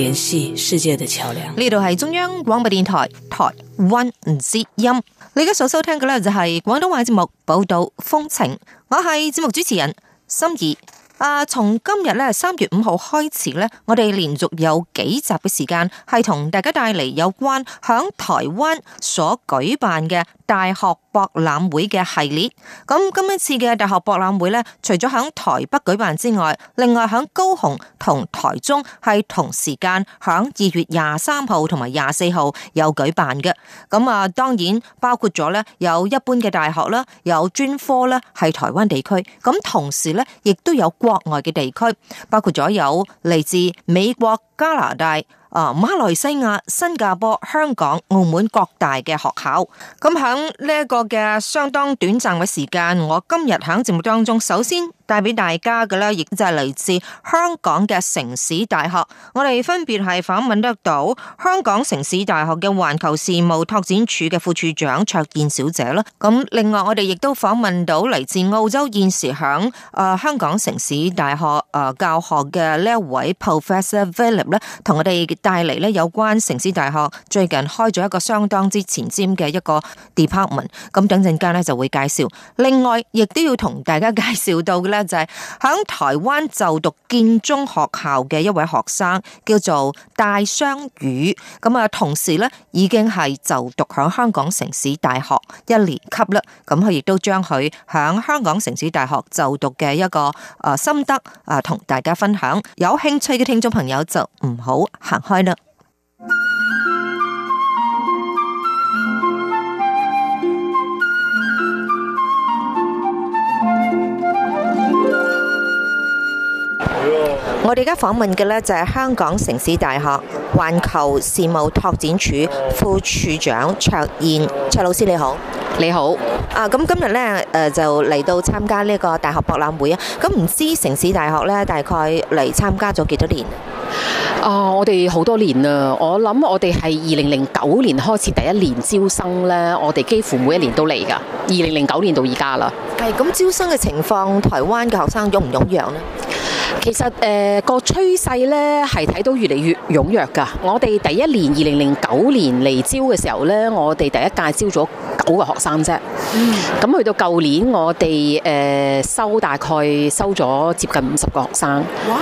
聯繫世界的橋樑。呢度係中央廣播電台台灣之音，你而家所收聽嘅咧就係廣東話節目《寶島風情》，我係節目主持人心儀。啊，從今日咧三月五號開始咧，我哋連續有幾集嘅時間係同大家帶嚟有關響台灣所舉辦嘅。大學博覽會嘅系列，咁今一次嘅大學博覽會咧，除咗響台北舉辦之外，另外響高雄同台中係同時間響二月廿三號同埋廿四號有舉辦嘅。咁啊，當然包括咗咧，有一般嘅大學啦，有專科啦，係台灣地區，咁同時咧亦都有國外嘅地區，包括咗有嚟自美國、加拿大。啊！馬來西亞、新加坡、香港、澳門各大嘅學校，咁喺呢一個嘅相當短暫嘅時間，我今日喺節目當中，首先。帶俾大家嘅咧，亦就係嚟自香港嘅城市大學。我哋分別係訪問得到香港城市大學嘅環球事務拓展處嘅副處長卓燕小姐啦。咁另外，我哋亦都訪問到嚟自澳洲現時響誒香港城市大學誒教學嘅呢一位 Professor Philip 咧，同我哋帶嚟咧有關城市大學最近開咗一個相當之前瞻嘅一個 department。咁等陣間咧就會介紹。另外，亦都要同大家介紹到嘅咧。就係、是、喺台灣就讀建中學校嘅一位學生叫做戴相宇，咁啊，同時咧已經係就讀響香港城市大學一年級啦，咁佢亦都將佢響香港城市大學就讀嘅一個誒心得啊，同大家分享。有興趣嘅聽眾朋友就唔好行開啦。我哋而家訪問嘅呢，就係香港城市大學環球事務拓展處副處長卓燕卓老師，你好，你好。啊，咁今日呢，誒就嚟到參加呢個大學博覽會啊。咁唔知城市大學呢，大概嚟參加咗幾多年？啊，我哋好多年啦。我諗我哋係二零零九年開始第一年招生呢，我哋幾乎每一年都嚟噶。二零零九年到而家啦。係，咁招生嘅情況，台灣嘅學生有踊唔踊躍呢？其實誒、呃那個趨勢咧係睇到越嚟越踊躍噶我哋第一年二零零九年嚟招嘅時候咧，我哋第一屆招咗九個學生啫。咁、嗯、去到舊年，我哋誒、呃、收大概收咗接近五十個學生。哇！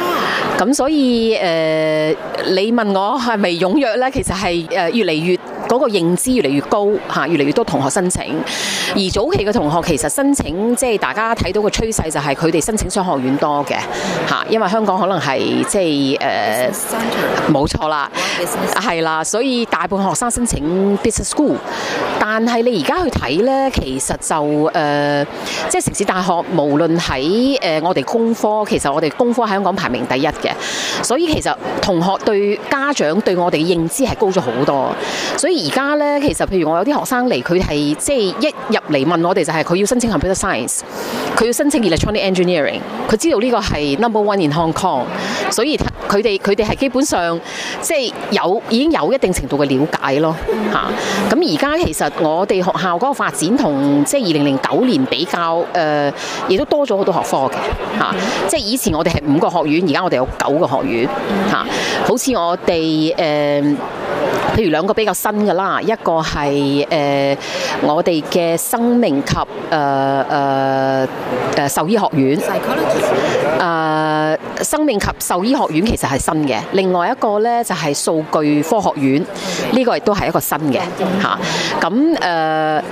咁所以誒、呃，你問我係咪踊躍咧？其實係誒越嚟越。嗰、那個認知越嚟越高吓、啊、越嚟越多同學申請，而早期嘅同學其實申請即係大家睇到個趨勢就係佢哋申請商學院多嘅吓、啊，因為香港可能係即係誒冇錯啦，係啦，所以大部分學生申請 business school。但係你而家去睇咧，其實就誒即係城市大學，無論喺誒我哋工科，其實我哋工科喺香港排名第一嘅，所以其實同學對家長對我哋嘅認知係高咗好多，所以。而家呢，其實譬如我有啲學生嚟，佢係即係一入嚟問我哋就係、是、佢要申請 computer science，佢要申請 electronic engineering，佢知道呢個係 number one in Hong Kong，所以佢哋佢哋係基本上即係、就是、有已經有一定程度嘅了解咯嚇。咁而家其實我哋學校嗰個發展同即係二零零九年比較誒，亦、呃、都多咗好多學科嘅、啊、即係以前我哋係五個學院，而家我哋有九個學院、啊、好似我哋譬如兩個比較新嘅啦，一個係誒、呃、我哋嘅生命及誒誒誒獸醫學院，誒、呃、生命及獸醫學院其實係新嘅。另外一個呢，就係、是、數據科學院，呢、okay。個亦都係一個新嘅吓。咁、啊、誒、呃，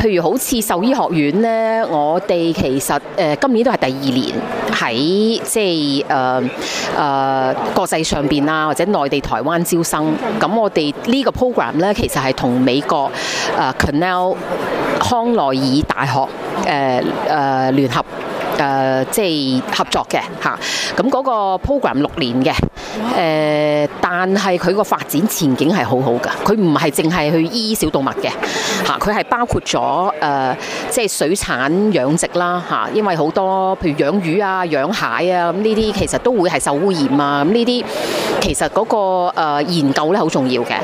譬如好似獸醫學院呢，我哋其實誒、呃、今年都係第二年。喺即係誒誒國際上邊啊，或者內地、台灣招生。咁我哋呢個 program 咧，其實係同美國誒 Cornell 康奈爾大學誒誒聯合誒、呃、即係合作嘅吓，咁、啊、個 program 六年嘅誒。呃但係佢個發展前景係好好㗎，佢唔係淨係去醫小動物嘅，嚇，佢係包括咗誒，即係水產養殖啦，嚇，因為好多譬如養魚啊、養蟹啊咁呢啲，其實都會係受污染啊，咁呢啲其實嗰個誒研究咧好重要嘅。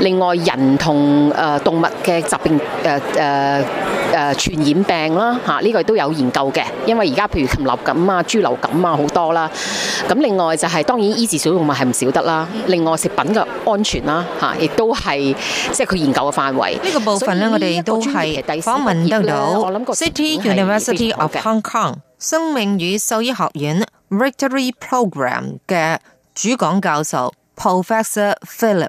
另外，人同誒動物嘅疾病誒誒。誒傳染病啦，嚇呢個都有研究嘅，因為而家譬如禽流感啊、豬流感啊好多啦。咁另外就係、是、當然醫治小動物係唔少得啦。另外食品嘅安全啦，亦都係即係佢研究嘅範圍。呢、這個部分呢，我哋都係訪問得到。City University of Hong Kong 生命與獸醫學院 Veterinary Program 嘅主講教授 Professor Philip。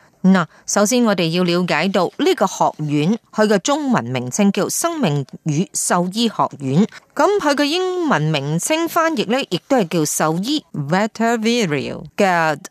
首先我哋要了解到呢個學院，佢嘅中文名稱叫生命與獸醫學院，咁佢嘅英文名稱翻譯呢亦都係叫獸醫 Veterinary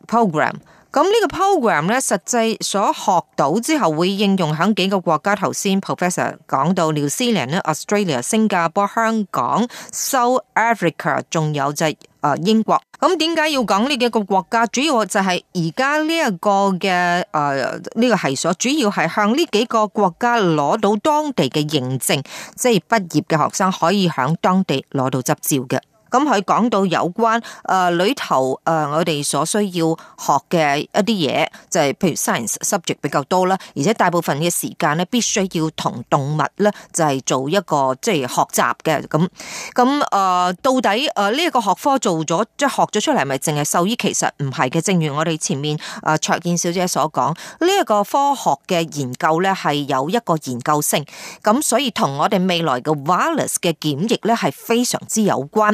Program。咁呢個 program 咧，實際所學到之後會應用響幾個國家。頭先 professor 講到，New Zealand、Australia、新加坡、香港、South Africa，仲有就係、誒呃、英國。咁點解要講呢幾個國家？主要就係而家呢一個嘅誒呢個系所，主要係向呢幾個國家攞到當地嘅認證，即係畢業嘅學生可以喺當地攞到執照嘅。咁佢講到有關誒裏、呃、頭誒、呃、我哋所需要學嘅一啲嘢，就係、是、譬如 science subject 比較多啦，而且大部分嘅時間咧必須要同動物咧就係、是、做一個即係、就是、學習嘅。咁咁到底誒呢一個學科做咗即係學咗出嚟，係咪淨係獸醫？其實唔係嘅，正如我哋前面誒卓燕小姐所講，呢、這、一個科學嘅研究咧係有一個研究性，咁所以同我哋未來嘅 virus 嘅檢疫咧係非常之有關。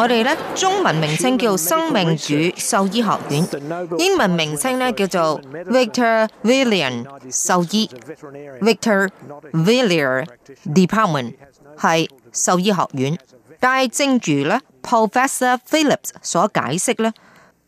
我哋咧中文名稱叫生命與獸醫學院，英文名稱咧叫做 Veterinary Medicine 獸醫，Veterinary Medicine Department 係獸醫學院。但係正如咧 Professor Phillips 所解釋咧，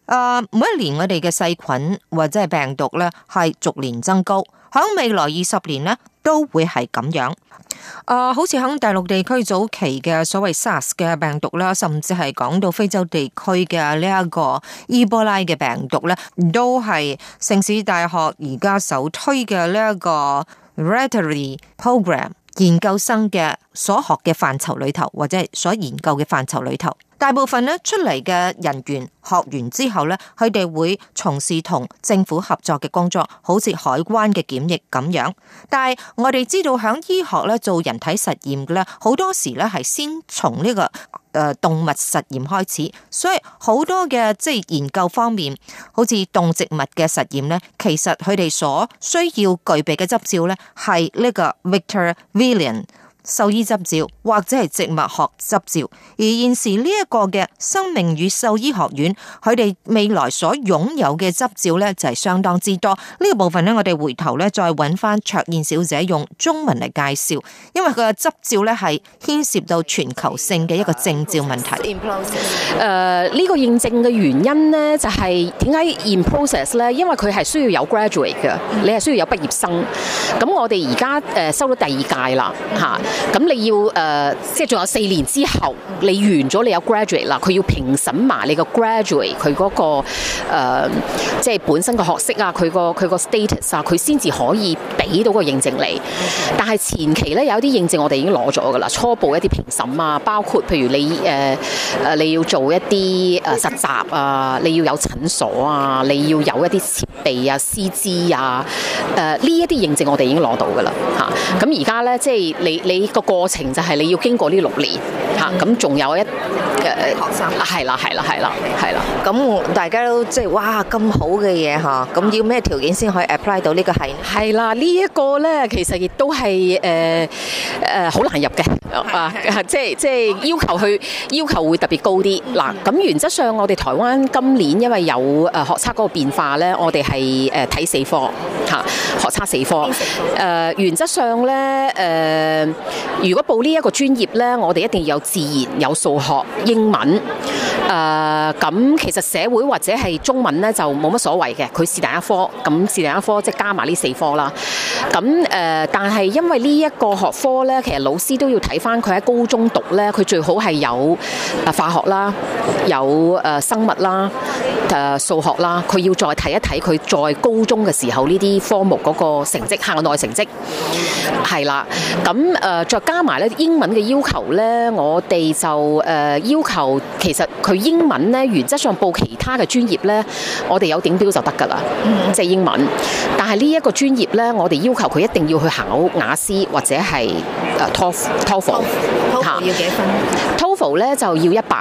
誒每一年我哋嘅細菌或者係病毒咧係逐年增高，響未來二十年咧都會係咁樣。誒、呃，好似喺大陸地區早期嘅所謂 SARS 嘅病毒啦，甚至係講到非洲地區嘅呢一個伊波拉嘅病毒咧，都係城市大學而家首推嘅呢一個 Veterinary Program 研究生嘅所學嘅範疇裏頭，或者係所研究嘅範疇裏頭。大部分咧出嚟嘅人員學完之後咧，佢哋會從事同政府合作嘅工作，好似海關嘅檢疫咁樣。但係我哋知道響醫學咧做人體實驗嘅咧，好多時咧係先從呢個誒動物實驗開始，所以好多嘅即係研究方面，好似動植物嘅實驗咧，其實佢哋所需要具備嘅執照咧，係呢個 veterinarian。獸醫執照或者係植物學執照，而現時呢一個嘅生命與獸醫學院，佢哋未來所擁有嘅執照呢，就係相當之多。呢、呢個部分呢，我哋回頭呢，再揾翻卓燕小姐用中文嚟介紹，因為佢嘅執照呢，係牽涉到全球性嘅一個證照問題。誒、呃，呢、呢個認證嘅原因，就係，點解呢，就係點解 in process？因為佢係需要有 graduate 嘅，你係需要有畢業生。咁我哋而家誒收到第二屆啦，吓。咁你要誒、呃，即係仲有四年之後，你完咗你有 graduate 啦，佢要評審埋你個 graduate，佢、嗰個 graduate，佢嗰個即係本身個學識啊，佢個佢個 status 啊，佢先至可以俾到個認證你。Okay. 但係前期咧有啲認證我哋已經攞咗噶啦，初步一啲評審啊，包括譬如你誒誒、呃，你要做一啲誒實習啊，你要有診所啊，你要有一啲設備啊、師資啊，誒呢一啲認證我哋已經攞到噶啦嚇。咁而家咧即係你你。你呢個過程就係你要經過呢六年嚇，咁仲有一個學生係啦，係啦，係啦，係啦。咁大家都即係哇咁好嘅嘢嚇，咁要咩條件先可以 apply 到呢個係？係啦，呢一個咧其實亦都係誒誒好難入嘅啊！即係即係要求去要求會特別高啲嗱。咁原則上，我哋台灣今年因為有誒學測嗰個變化咧，我哋係誒睇四科嚇，學測四科誒。原則上咧誒。如果報呢一個專業咧，我哋一定要有自然、有數學、英文。誒、咁，其實社會或者係中文咧，就冇乜所謂嘅。佢是第一科，咁是第一科，即係加埋呢四科啦。咁誒、呃，但係因為呢一個學科咧，其實老師都要睇翻佢喺高中讀咧，佢最好係有啊化學啦，有誒、呃、生物啦，誒、呃、數學啦。佢要再睇一睇佢在高中嘅時候呢啲科目個成績，校內成績係啦。咁、呃、誒再加埋咧英文嘅要求咧，我哋就誒、呃、要求，其實佢。英文呢，原則上報其他嘅專業呢，我哋有頂標就得㗎啦，即係、mm-hmm、英文。但係呢一個專業呢，我哋要求佢一定要去考雅思或者係誒 TOEFL，TOEFL。TOEFL 要幾分？TOEFL 呢就要一百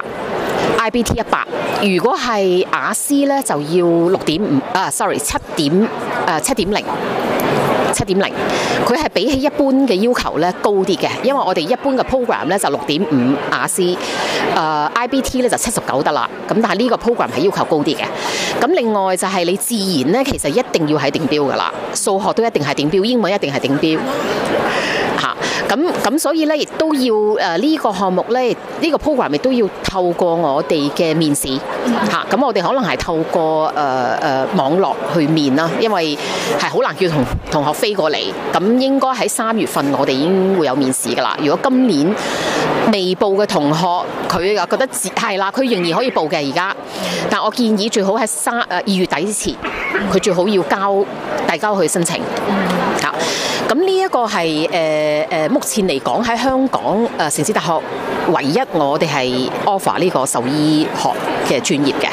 ，IBT 一百。如果係雅思呢，就要六點五啊，uh, sorry，七點誒、uh, 七點零。七點零，佢係比起一般嘅要求咧高啲嘅，因為我哋一般嘅 program 咧就六點五雅思，誒 IBT 咧就七十九得啦。咁但係呢個 program 係要求高啲嘅。咁另外就係你自然咧，其實一定要係定標㗎啦，數學都一定係定標，英文一定係定標。咁咁所以咧亦都要誒呢、呃這個項目咧呢、這個 program 亦都要透過我哋嘅面試吓。咁、啊、我哋可能係透過、呃呃、網絡去面啦，因為係好難叫同同學飛過嚟。咁應該喺三月份我哋已經會有面試噶啦。如果今年未報嘅同學，佢又覺得係啦，佢仍然可以報嘅而家。但我建議最好喺三誒二月底之前，佢最好要交遞交去申請。咁呢一個係誒誒，目前嚟講喺香港誒、呃、城市大學唯一我哋係 offer 呢個獸醫學嘅專業嘅。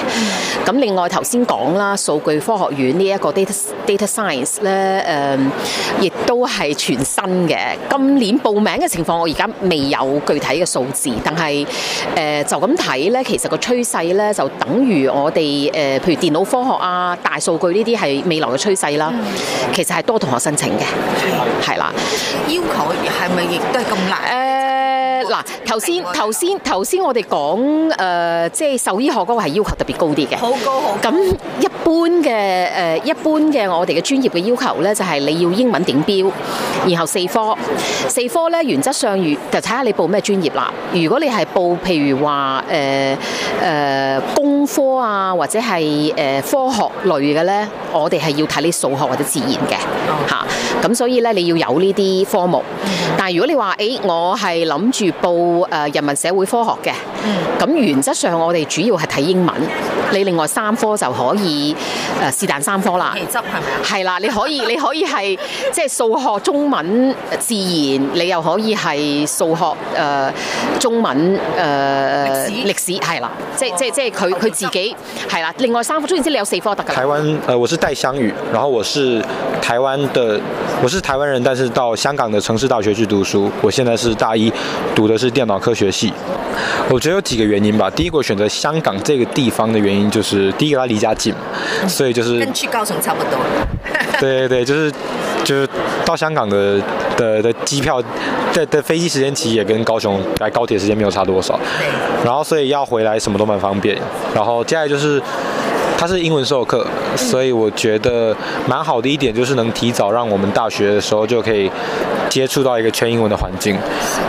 咁另外頭先講啦，數據科學院呢一個 data data science 咧、呃、誒，亦都係全新嘅。今年報名嘅情況，我而家未有具體嘅數字，但係誒、呃、就咁睇咧，其實個趨勢咧就等於我哋誒、呃，譬如電腦科學啊、大數據呢啲係未來嘅趨勢啦。其實係多同學申請嘅。係啦，要求係咪亦都係咁難咧？嗱、啊，頭先頭先頭先，我哋講誒即係獸醫學嗰個係要求特別高啲嘅，好高好。咁一般嘅誒、呃、一般嘅我哋嘅專業嘅要求咧，就係、是、你要英文頂標，然後四科，四科咧原則上，就睇下你報咩專業啦。如果你係報譬如話誒誒工科啊，或者係誒、呃、科學類嘅咧，我哋係要睇你數學或者自然嘅吓，咁、啊、所以咧，你要有呢啲科目。但係如果你話誒、欸、我係諗住。報誒，人民社會科學嘅。嗯，咁原則上我哋主要係睇英文，你另外三科就可以，誒是但三科啦。期係咪啊？係啦，你可以你可以係即係數學、中文、自然，你又可以係數學、誒、呃、中文、誒、呃、歷史，係啦、哦。即即即係佢佢自己係啦、哦哦。另外三科，總言之你有四科得㗎。台灣誒，我是戴相宇，然後我是台灣的，我是台灣人，但是到香港的城市大學去讀書。我現在是大一，讀的是電腦科學系。我只有幾個原因吧。第一個我選擇香港這個地方的原因，就是第一個它離家近，嗯，所以就是跟去高雄差不多。對 對對，就是就是到香港的的的機票的的飛機時間其實也跟高雄來高鐵時間沒有差多少。然後所以要回來什麼都蠻方便。然後接下來就是。它是英文授課，所以我覺得蠻好的一點就是能提早讓我們大學的時候就可以接觸到一個全英文的環境，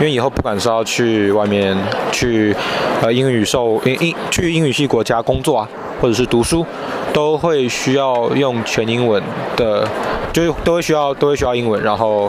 因為以後不管是要去外面去，呃，英語授英英去英語系國家工作啊，或者是讀書，都會需要用全英文的，就是都會需要都會需要英文，然後。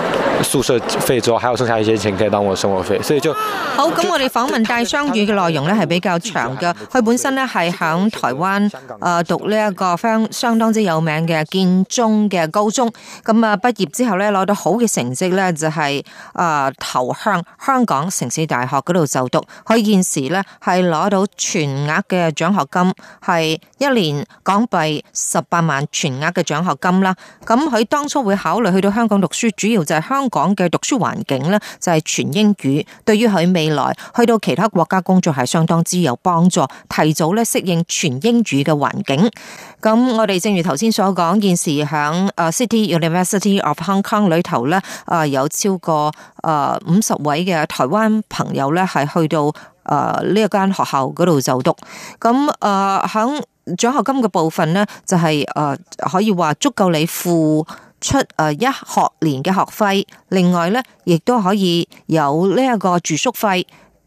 宿舍費之後，還有剩下一些錢可以當我的生活費，所以就好。咁我哋訪問戴相宇嘅內容咧係比較長嘅，佢本身咧係響台灣誒讀呢一個相相當之有名嘅建中嘅高中，咁啊畢業之後咧攞到好嘅成績咧就係誒投向香港城市大學度就讀，佢現時咧係攞到全額嘅獎學金，係一年港幣十八萬全額嘅獎學金啦。咁佢當初會考慮去到香港讀書，主要就係香。講嘅讀書環境咧，就係全英語，對於佢未來去到其他國家工作係相當之有幫助，提早咧適應全英語嘅環境。咁我哋正如頭先所講，現時響誒 City University of Hong Kong 裏頭咧，啊有超過誒五十位嘅台灣朋友咧，係去到誒呢一間學校嗰度就讀。咁啊，響獎學金嘅部分咧，就係誒可以話足夠你付，出誒一學年嘅學費，另外咧亦都可以有呢一個住宿費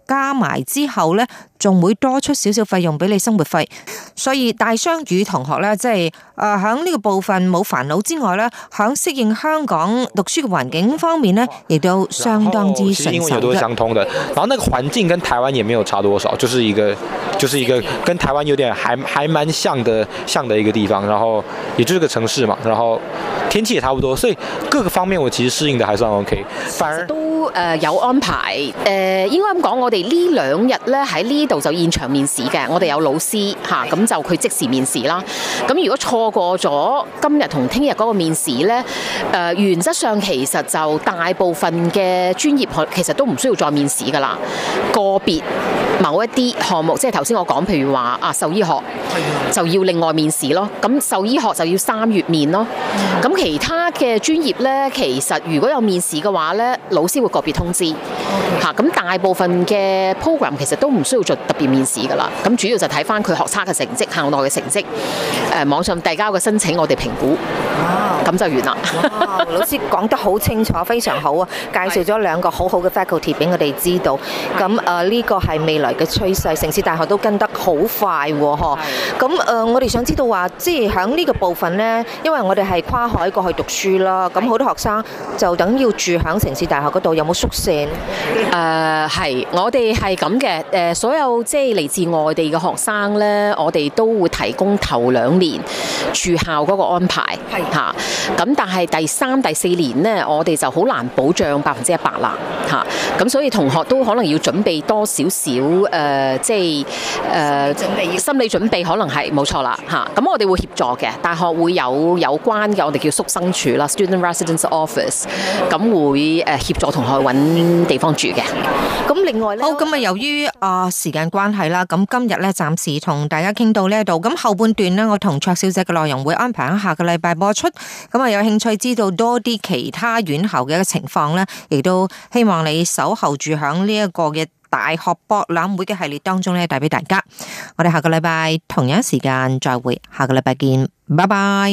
加埋之後咧。仲會多出少少費用俾你生活費，所以大雙語同學咧，即係誒、喺、呃、呢個部分冇煩惱之外咧，喺適應香港讀書嘅環境方面咧，亦都相當之順手嘅。因為佢都是相通嘅，然後那個環境跟台灣也沒有差多少，就是一個，就是一個跟台灣有點還還蠻像的，像的一個地方。然後也就是個城市嘛，然後天氣也差不多，所以各個方面我其實適應的還算 OK。反而都誒、呃、有安排，誒、呃、應該咁講，我哋呢兩日咧喺呢。呢度就現場面試嘅，我哋有老師吓，咁就佢即時面試啦。咁如果錯過咗今日同聽日嗰個面試呢，呃、原則上其實就大部分嘅專業其實都唔需要再面試噶啦，個別。某一啲項目，即係頭先我講，譬如話啊獸醫學就要另外面試咯。咁獸醫學就要三月面咯。咁其他嘅專業呢，其實如果有面試嘅話呢，老師會個別通知吓咁、okay. 啊、大部分嘅 program 其實都唔需要做特別面試噶啦。咁主要就睇翻佢學測嘅成績、校內嘅成績，誒、啊、網上遞交嘅申請，我哋評估，咁、wow. 就完啦。Wow, 老師講得好清楚， 非常好啊！介紹咗兩個很好好嘅 faculty 俾我哋知道。咁誒呢個係未來。嘅趨勢，城市大學都跟得好快喎、哦，咁、呃、我哋想知道話，即係響呢個部分呢？因為我哋係跨海過去讀書啦，咁好多學生就等要住響城市大學嗰度，有冇宿舍呢？誒，係、呃，我哋係咁嘅。所有即係嚟自外地嘅學生呢，我哋都會提供頭兩年住校嗰個安排，咁、啊、但係第三、第四年呢，我哋就好難保障百分之一百啦，咁、啊、所以同學都可能要準備多少少。誒、呃，即係誒、呃，心理準備可能係冇錯啦嚇。咁我哋會協助嘅，大學會有有關嘅，我哋叫宿生處啦 （Student Residence Office），咁會協助同學揾地方住嘅。咁另外呢，好咁啊，由於啊時間關係啦，咁今日呢，暫時同大家傾到呢一度。咁後半段呢，我同卓小姐嘅內容會安排一下，下個禮拜播出。咁啊，有興趣知道多啲其他院校嘅一個情況呢，亦都希望你守候住響呢一個嘅。大學博覽會嘅系列當中咧，帶畀大家。我哋下個禮拜同樣時間再會，下個禮拜見，拜拜。